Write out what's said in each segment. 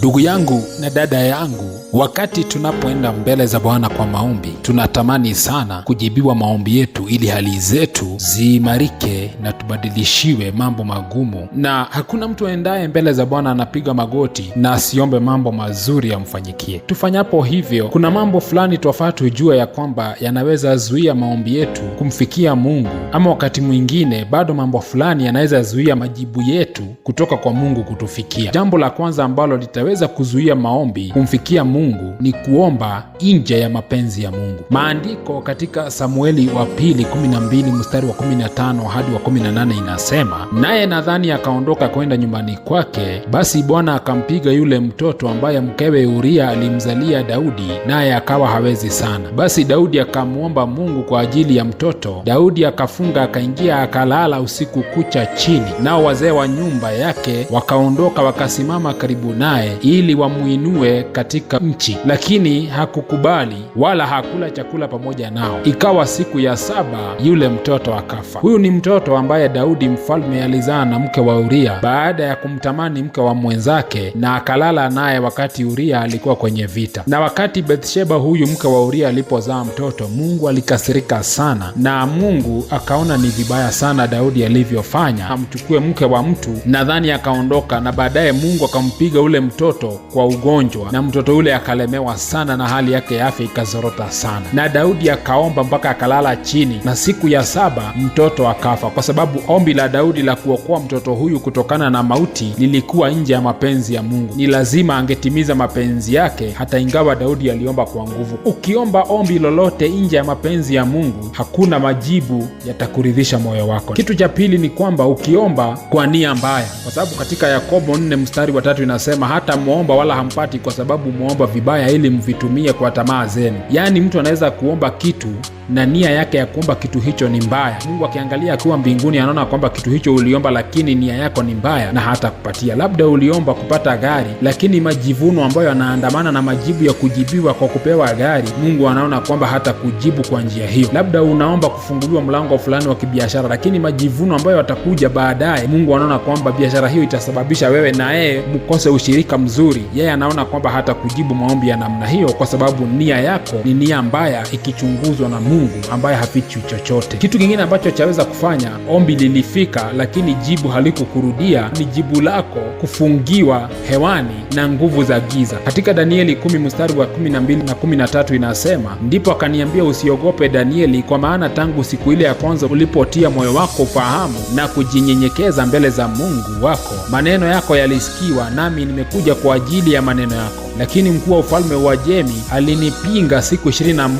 Ndugu yangu na dada yangu, wakati tunapoenda mbele za Bwana kwa maombi, tunatamani sana kujibiwa maombi yetu, ili hali zetu ziimarike na tubadilishiwe mambo magumu. Na hakuna mtu aendaye mbele za Bwana anapiga magoti na asiombe mambo mazuri yamfanyikie. Tufanyapo hivyo, kuna mambo fulani twafaa tujue ya kwamba yanaweza zuia maombi yetu kumfikia Mungu, ama wakati mwingine bado mambo fulani yanaweza zuia majibu yetu kutoka kwa Mungu kutufikia. Jambo la kwanza ambalo litawe kinachoweza kuzuia maombi kumfikia Mungu ni kuomba nje ya mapenzi ya Mungu. Maandiko katika Samueli wa pili 12 mstari wa 15 hadi wa 18 inasema, naye Nadhani akaondoka kwenda nyumbani kwake, basi Bwana akampiga yule mtoto ambaye mkewe Uria alimzalia Daudi, naye akawa hawezi sana. Basi Daudi akamwomba Mungu kwa ajili ya mtoto. Daudi akafunga, akaingia, akalala usiku kucha chini, nao wazee wa nyumba yake wakaondoka wakasimama karibu naye ili wamwinue katika nchi, lakini hakukubali wala hakula chakula pamoja nao. Ikawa siku ya saba yule mtoto akafa. Huyu ni mtoto ambaye Daudi mfalme alizaa na mke wa Uria baada ya kumtamani mke wa mwenzake, na akalala naye wakati Uria alikuwa kwenye vita. Na wakati Bathsheba huyu mke wa Uria alipozaa mtoto, Mungu alikasirika sana, na Mungu akaona ni vibaya sana Daudi alivyofanya amchukue mke wa mtu, nadhani akaondoka, na baadaye Mungu akampiga ule mtoto mtoto kwa ugonjwa, na mtoto yule akalemewa sana na hali yake ya afya ikazorota sana, na Daudi akaomba mpaka akalala chini, na siku ya saba mtoto akafa, kwa sababu ombi la Daudi la kuokoa mtoto huyu kutokana na mauti lilikuwa nje ya mapenzi ya Mungu. Ni lazima angetimiza mapenzi yake, hata ingawa Daudi aliomba kwa nguvu. Ukiomba ombi lolote nje ya mapenzi ya Mungu, hakuna majibu yatakuridhisha moyo wako. Kitu cha pili ni kwamba ukiomba kwa nia mbaya, kwa sababu katika Yakobo 4 mstari wa tatu inasema hata hamwomba wala hampati kwa sababu mwaomba vibaya ili mvitumie kwa tamaa zenu. Yaani mtu anaweza kuomba kitu na nia yake ya kuomba kitu hicho ni mbaya. Mungu akiangalia akiwa mbinguni, anaona kwamba kitu hicho uliomba, lakini nia yako ni mbaya na hata kupatia. Labda uliomba kupata gari, lakini majivuno ambayo yanaandamana na majibu ya kujibiwa kwa kupewa gari, Mungu anaona kwamba hata kujibu kwa njia hiyo. Labda unaomba kufunguliwa mlango fulani wa kibiashara, lakini majivuno ambayo yatakuja baadaye, Mungu anaona kwamba biashara hiyo itasababisha wewe na yeye mkose ushirika mzuri. Yeye anaona kwamba hata kujibu maombi ya namna hiyo, kwa sababu nia yako ni nia mbaya ikichunguzwa na Mungu. Mungu ambaye hafichwi chochote. Kitu kingine ambacho chaweza kufanya, ombi lilifika, lakini jibu halikukurudia, ni jibu lako kufungiwa hewani na nguvu za giza. Katika Danieli 1 mstari wa 12 na 13 inasema, ndipo akaniambia usiogope Danieli, kwa maana tangu siku ile ya kwanza ulipotia moyo wako ufahamu na kujinyenyekeza mbele za Mungu wako, maneno yako yalisikiwa, nami nimekuja kwa ajili ya maneno yako lakini mkuu wa ufalme wa Jemi alinipinga siku ishirini na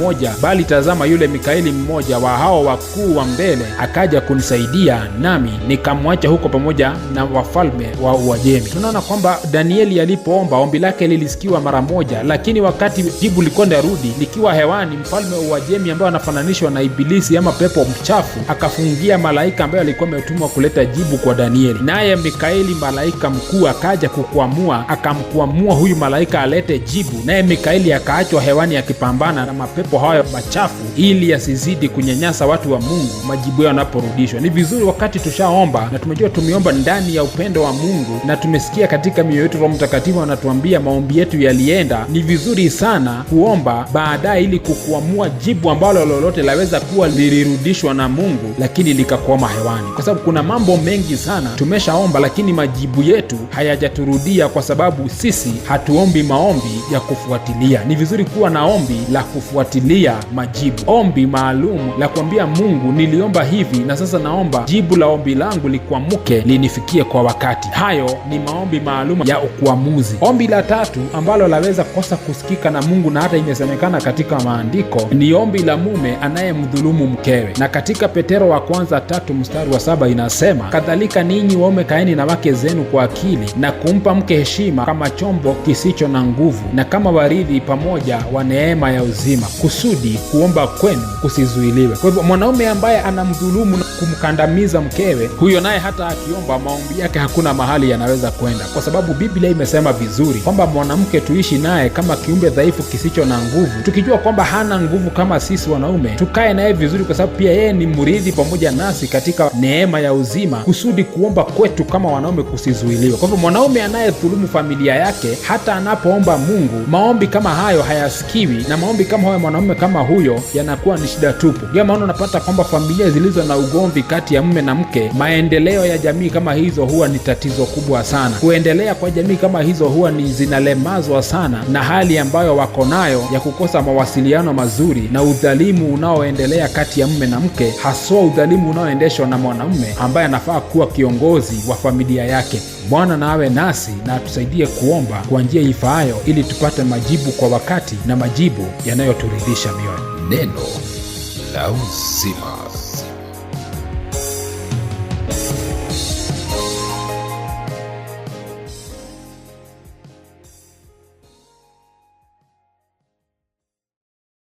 bali tazama, yule Mikaeli mmoja wa hao wakuu wa mbele akaja kunisaidia, nami nikamwacha huko pamoja na wafalme wa Uajemi. Tunaona kwamba Danieli alipoomba ombi lake lilisikiwa mara moja, lakini wakati jibu likuwa rudi likiwa hewani, mfalme wa Uajemi ambaye anafananishwa na Ibilisi ama pepo mchafu akafungia malaika ambaye alikuwa ametumwa kuleta jibu kwa Danieli, naye Mikaeli malaika mkuu akaja kukwamua, akamkwamua huyu malaika alete jibu, naye Mikaeli akaachwa hewani akipambana na mapepo hayo machafu ili yasizidi kunyanyasa watu wa Mungu majibu yao yanaporudishwa. Ni vizuri wakati tushaomba na tumejua tumeomba ndani ya upendo wa Mungu na tumesikia katika mioyo yetu Roho Mtakatifu anatuambia maombi yetu yalienda, ni vizuri sana kuomba baadaye ili kukuamua jibu ambalo lolote laweza kuwa lilirudishwa na Mungu lakini likakwama hewani, kwa sababu kuna mambo mengi sana tumeshaomba, lakini majibu yetu hayajaturudia kwa sababu sisi hatuombi maombi maombi ya kufuatilia. Ni vizuri kuwa na ombi la kufuatilia majibu, ombi maalum la kuambia Mungu, niliomba hivi na sasa naomba jibu la ombi langu likuamuke linifikie kwa wakati. Hayo ni maombi maalum ya ukuamuzi. Ombi la tatu ambalo laweza kosa kusikika na Mungu na hata imesemekana katika maandiko ni ombi la mume anayemdhulumu mkewe, na katika Petero wa kwanza tatu mstari wa saba inasema kadhalika, ninyi waume kaeni na wake zenu kwa akili na kumpa mke heshima kama chombo kisicho na na nguvu, na kama warithi pamoja wa neema ya uzima, kusudi kuomba kwenu kusizuiliwe. Kwa hivyo mwanaume ambaye anamdhulumu na kumkandamiza mkewe, huyo naye hata akiomba maombi yake hakuna mahali yanaweza kwenda, kwa sababu Biblia imesema vizuri kwamba mwanamke tuishi naye kama kiumbe dhaifu kisicho na nguvu, tukijua kwamba hana nguvu kama sisi wanaume, tukae naye vizuri, kwa sababu pia yeye ni mrithi pamoja nasi katika neema ya uzima, kusudi kuomba kwetu kama wanaume kusizuiliwe. Kwa hivyo mwanaume anayedhulumu familia yake hata anapo kuomba Mungu, maombi kama hayo hayasikiwi, na maombi kama hayo mwanaume kama huyo yanakuwa ni shida tupu. Ndio maana unapata kwamba familia zilizo na ugomvi kati ya mume na mke, maendeleo ya jamii kama hizo huwa ni tatizo kubwa sana. Kuendelea kwa jamii kama hizo huwa ni zinalemazwa sana na hali ambayo wako nayo ya kukosa mawasiliano mazuri na udhalimu unaoendelea kati ya mume na mke, haswa udhalimu unaoendeshwa na mwanamume ambaye anafaa kuwa kiongozi wa familia yake. Bwana na awe nasi na atusaidie kuomba kwa njia ifaayo, ili tupate majibu kwa wakati na majibu yanayoturidhisha mioyo. Neno la Uzima.